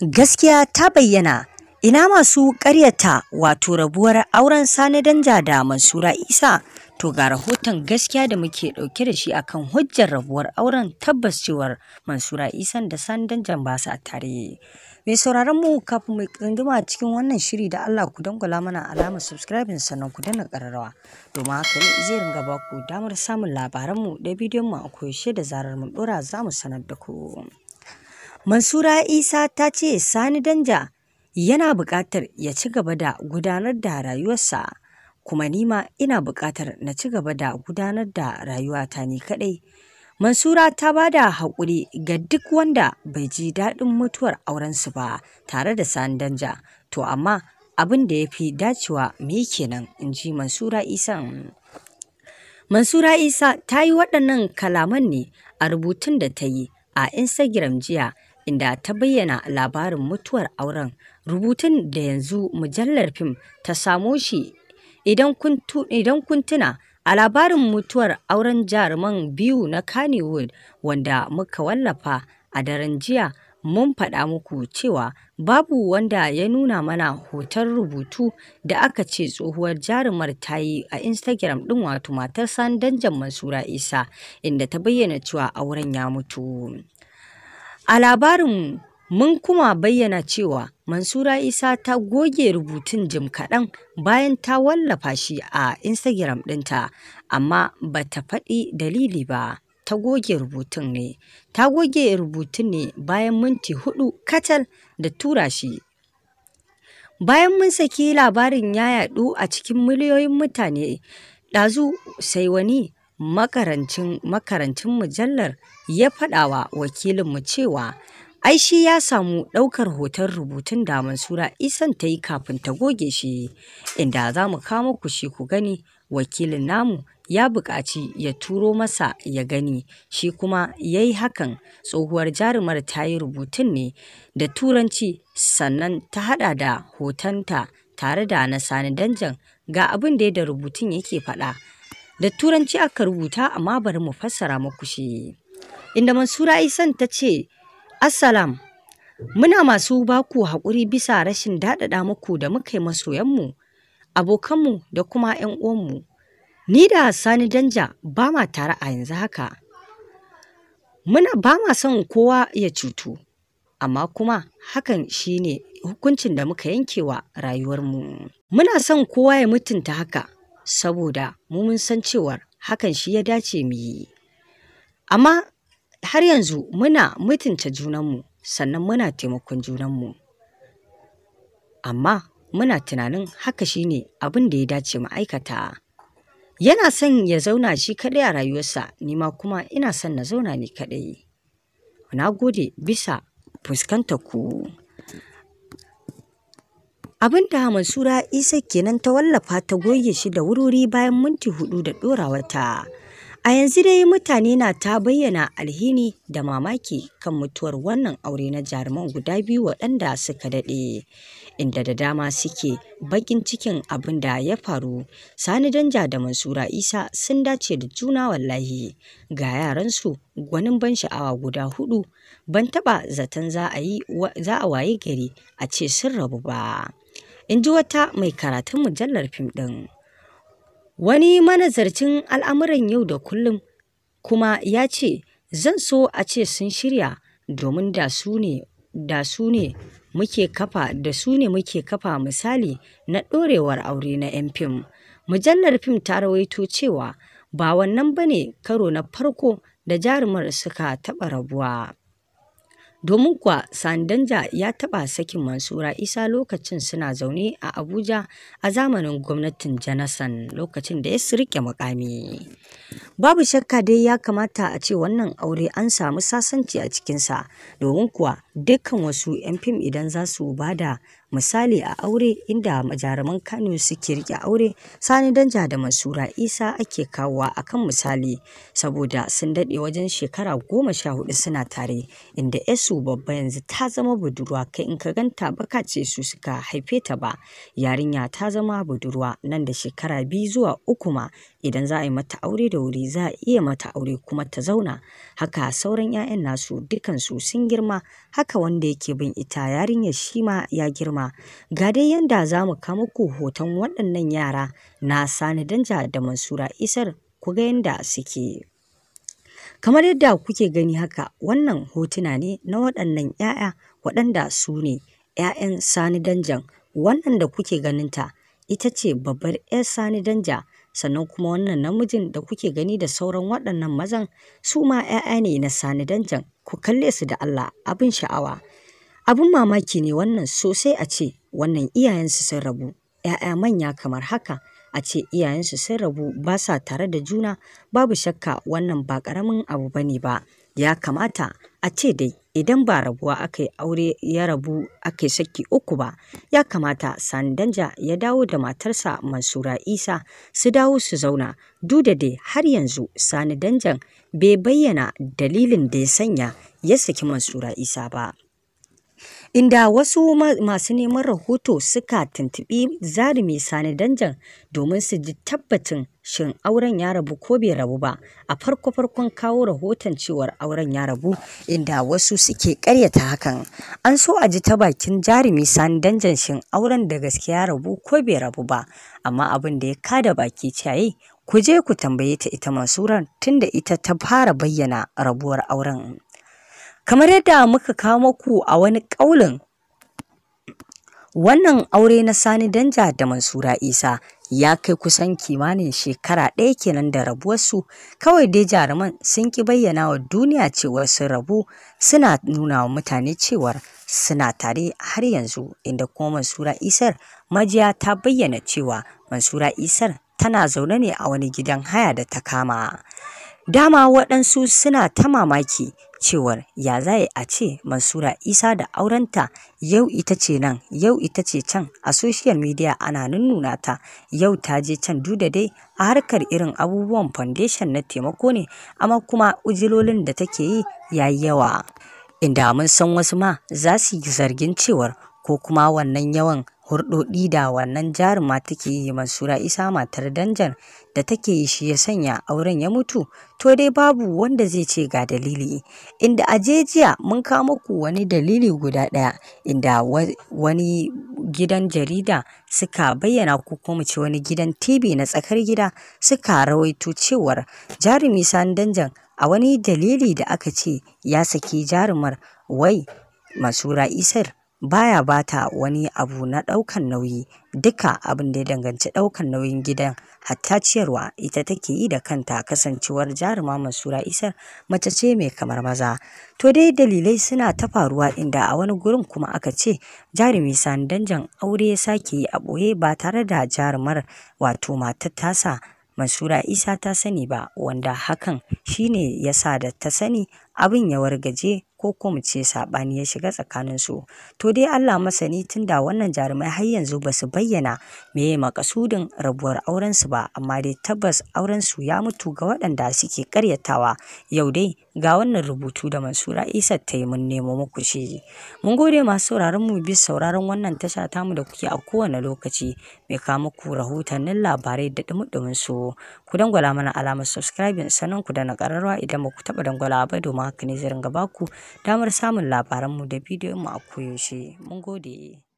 Gaskiya ta bayyana ina masu karyata wato rabuwar auren Sani Danja da Mansura Isa to ga rahoton gaskiya da muke dauke da shi akan hujjar rabuwar auren tabbas cewar Mansura Isa da Sani danja ba sa tare. Mai sauraron mu kafin mai tsunduma cikin wannan shiri da Allah ku dangwala mana alamar subscribe sannan ku danna ƙararrawa domin haka ne zai ringa ba ku damar samun labaranmu da bidiyon mu a koyaushe da zarar mun ɗora za mu sanar da ku. Mansura Isa ta ce Sani Danja yana buƙatar ya ci gaba da gudanar da rayuwarsa kuma nima ina buƙatar na ci gaba da gudanar da rayuwata ni kaɗai. Mansura ta ba da haƙuri ga duk wanda bai ji daɗin mutuwar aurensu ba tare da Sani Danja, to amma abin da ya fi dacewa me kenan in ji Mansura Isa. Mansura Isa ta yi waɗannan kalaman ne a rubutun da ta yi a Instagram jiya inda ta bayyana labarin mutuwar auren. Rubutun da yanzu mujallar fim ta samo shi idan kun tuna a labarin mutuwar auren jaruman biyu na Kannywood wanda muka wallafa a daren jiya mun faɗa muku cewa babu wanda ya nuna mana hoton rubutu da aka ce tsohuwar jarumar ta yi a Instagram ɗin wato matar Sandanjan Mansura Isa inda ta bayyana cewa auren ya mutu. A labarin mun kuma bayyana cewa Mansura Isa ta goge rubutun jim kaɗan bayan ta wallafa shi a Instagram ɗinta, amma ba ta faɗi dalili ba. Ta goge rubutun ne, ta goge rubutun ne bayan minti huɗu kacal da tura shi. Bayan mun saki labarin ya yaɗu a cikin miliyoyin mutane, ɗazu sai wani makarancin mujallar ya fadawa wakilinmu cewa ai shi ya samu ɗaukar hoton rubutun da Mansura Isan ta yi kafin ta goge shi inda za mu kama ku shi ku gani wakilin namu ya buƙaci ya turo masa ya gani shi kuma ya yi hakan tsohuwar jarumar ta yi rubutun ne da turanci sannan ta haɗa da hotonta tare da na sani danjan ga abin da ya da rubutun yake faɗa da turanci aka rubuta amma bari mu fassara muku shi inda mansura isan ta ce assalam muna masu baku haƙuri bisa rashin daɗaɗa muku da muka yi masoyanmu abokanmu da kuma 'yan uwanmu ni da sani danja ba ma tare a yanzu haka muna ba ma son kowa ya cutu amma kuma hakan shine hukuncin da muka yankewa rayuwarmu muna son kowa ya mutunta haka saboda mu mun san cewar hakan shi ya dace mu yi. Amma har yanzu muna mutunta junanmu sannan muna taimakon junanmu. Amma muna tunanin haka shi ne abin da ya dace mu aikata. Yana son ya zauna shi kaɗai a rayuwarsa, nima kuma ina son na zauna ni kaɗai. Na gode bisa fuskantar ku. Abin da Mansura Isa kenan ta wallafa ta goge shi da wurwuri bayan minti hudu da ɗorawarta. A yanzu dai mutane na ta bayyana alhini da mamaki kan mutuwar wannan aure na jaruman guda biyu waɗanda suka daɗe, inda da dama suke bakin cikin abin da ya faru. Sani Danja da Mansura Isa sun dace da juna wallahi ga yaransu gwanin ban sha'awa guda hudu ban taɓa zaton za a waye gari a ce sun rabu ba. in ji wata mai karatun mujallar fim ɗin. Wani manazarcin al'amuran yau da kullum kuma ya ce zan so a ce sun shirya domin da su ne da su ne muke kafa da su ne muke kafa misali na ɗorewar aure na 'yan fim. Mujallar fim ta rawaito cewa ba wannan bane karo na farko da jarumar suka taɓa rabuwa. Domin kuwa Sandanja ya taɓa sakin Mansura Isa lokacin suna zaune a Abuja a zamanin gwamnatin janasan lokacin da ya sirke mukami. Babu shakka dai ya kamata a ce wannan aure an samu sasanci a cikinsa domin kuwa dukkan wasu 'yan fim idan za su bada misali a aure inda jaruman Kano suke rike aure Sani Danja da Mansura Isa ake kawowa akan misali saboda sun dade wajen shekara goma sha hudu suna tare inda Esu babba yanzu ta zama budurwa kai in ka ganta baka ce su suka haife ta ba yarinya ta zama budurwa nan da shekara biyu zuwa uku ma idan za a yi mata aure da wuri za a iya mata aure kuma ta zauna haka sauran 'ya'yan nasu dukansu sun girma haka wanda yake bin ita yarinyar shi ma ya girma al'umma. Ga dai yadda za mu kama ku hoton waɗannan yara na Sani Danja da Mansura Isar ku ga yadda suke. Kamar yadda kuke gani haka wannan hotuna ne na waɗannan 'ya'ya waɗanda su ne 'ya'yan Sani Danjan wannan da kuke ganin ta ita ce babbar 'yar Sani Danja sannan kuma wannan namijin da kuke gani da sauran waɗannan mazan su ma 'ya'ya ne na Sani Danjan ku kalle su da Allah abin sha'awa. Abin mamaki ne wannan sosai a ce wannan iyayensu sun rabu, ‘ya'ya manya kamar haka, a ce iyayensu sun rabu ba sa tare da juna, babu shakka wannan ba ƙaramin abu ba ne ba. Ya kamata a ce dai idan ba rabuwa aka yi aure ya rabu aka yi saki uku ba, ya kamata Sani Danja ya dawo da matarsa Mansura Isa su dawo su zauna. Duk da dai har yanzu Sani Danjan bai bayyana dalilin da ya sanya ya saki Mansura Isa ba. inda wasu masu neman rahoto suka tuntuɓi Zarumi Sani Danjan domin su ji tabbacin shin auren ya rabu ko bai rabu ba a farko-farkon kawo rahoton cewar auren ya rabu inda wasu suke karyata hakan an so a ji ta bakin jarumi sani danjan shin auren da gaske ya rabu ko bai rabu ba amma abin da ya kada baki ciyayi ku je ku tambaye ta ita masuran tunda ita ta fara bayyana rabuwar auren kamar yadda muka kawo muku a wani ƙaulin wannan aure na sani danja da mansura isa ya kai kusan kimanin shekara ɗaya kenan da rabuwarsu kawai dai jaruman sun ki bayyana wa duniya cewar sun rabu suna nuna wa mutane cewar suna tare har yanzu inda kuma mansura isar majiya ta bayyana cewa mansura isar tana zaune ne a wani gidan haya da ta kama dama waɗansu suna ta mamaki cewar ya za a ce Mansura Isa da aurenta yau ita ce nan yau ita ce can a social media ana nunnuna ta yau ta je can duda dai a harkar irin abubuwan foundation na taimako ne amma kuma ujilolin da take yi yayi yawa. Inda mun san wasu ma za su yi zargin cewar ko kuma wannan yawan hurɗoɗi da wannan jaruma take yi Mansura Isa matar Danjan da take yi shi ya sanya auren ya mutu to dai babu wanda zai ce ga dalili inda a jiya mun kawo muku wani dalili guda ɗaya inda wani gidan jarida suka bayyana ko kuma ce wani gidan TV na tsakar gida suka rawaito cewar jarumi Sani Danjan a wani dalili da aka ce ya saki jarumar wai Masura Isar baya bata wani abu na ɗaukan nauyi duka abin da ya danganci ɗaukan nauyin gidan hatta ciyarwa ita take yi da kanta kasancewar jaruma mansura isa mace ce mai kamar maza to dai dalilai suna ta faruwa inda a wani gurin kuma aka ce jarumi sani danjan aure ya sake yi a boye ba tare da jarumar wato matar tasa Mansura Isa ta sani ba wanda hakan shine yasa da ta sani abin ya wargaje ko ko mu ce saɓani ya shiga tsakanin su To dai Allah masani tunda wannan jarumai har yanzu ba su bayyana me meye makasudin rabuwar auren su ba amma dai tabbas auren su ya mutu ga waɗanda suke ƙaryatawa yau dai Ga wannan rubutu da Mansura isa ta yi mun nemo muku shi. Mun gode masu sauraron mu bi sauraron wannan tasha tamu da kuke a kowane lokaci mai kawo muku rahotannin labarai da dumudumin su. Ku dangwala mana alamar subscribe sannan ku da na kararwa idan ba ku taba dangwala ba domin haka ne zai ringa baku damar samun labaran mu da bidiyon mu a koyaushe. Mun gode.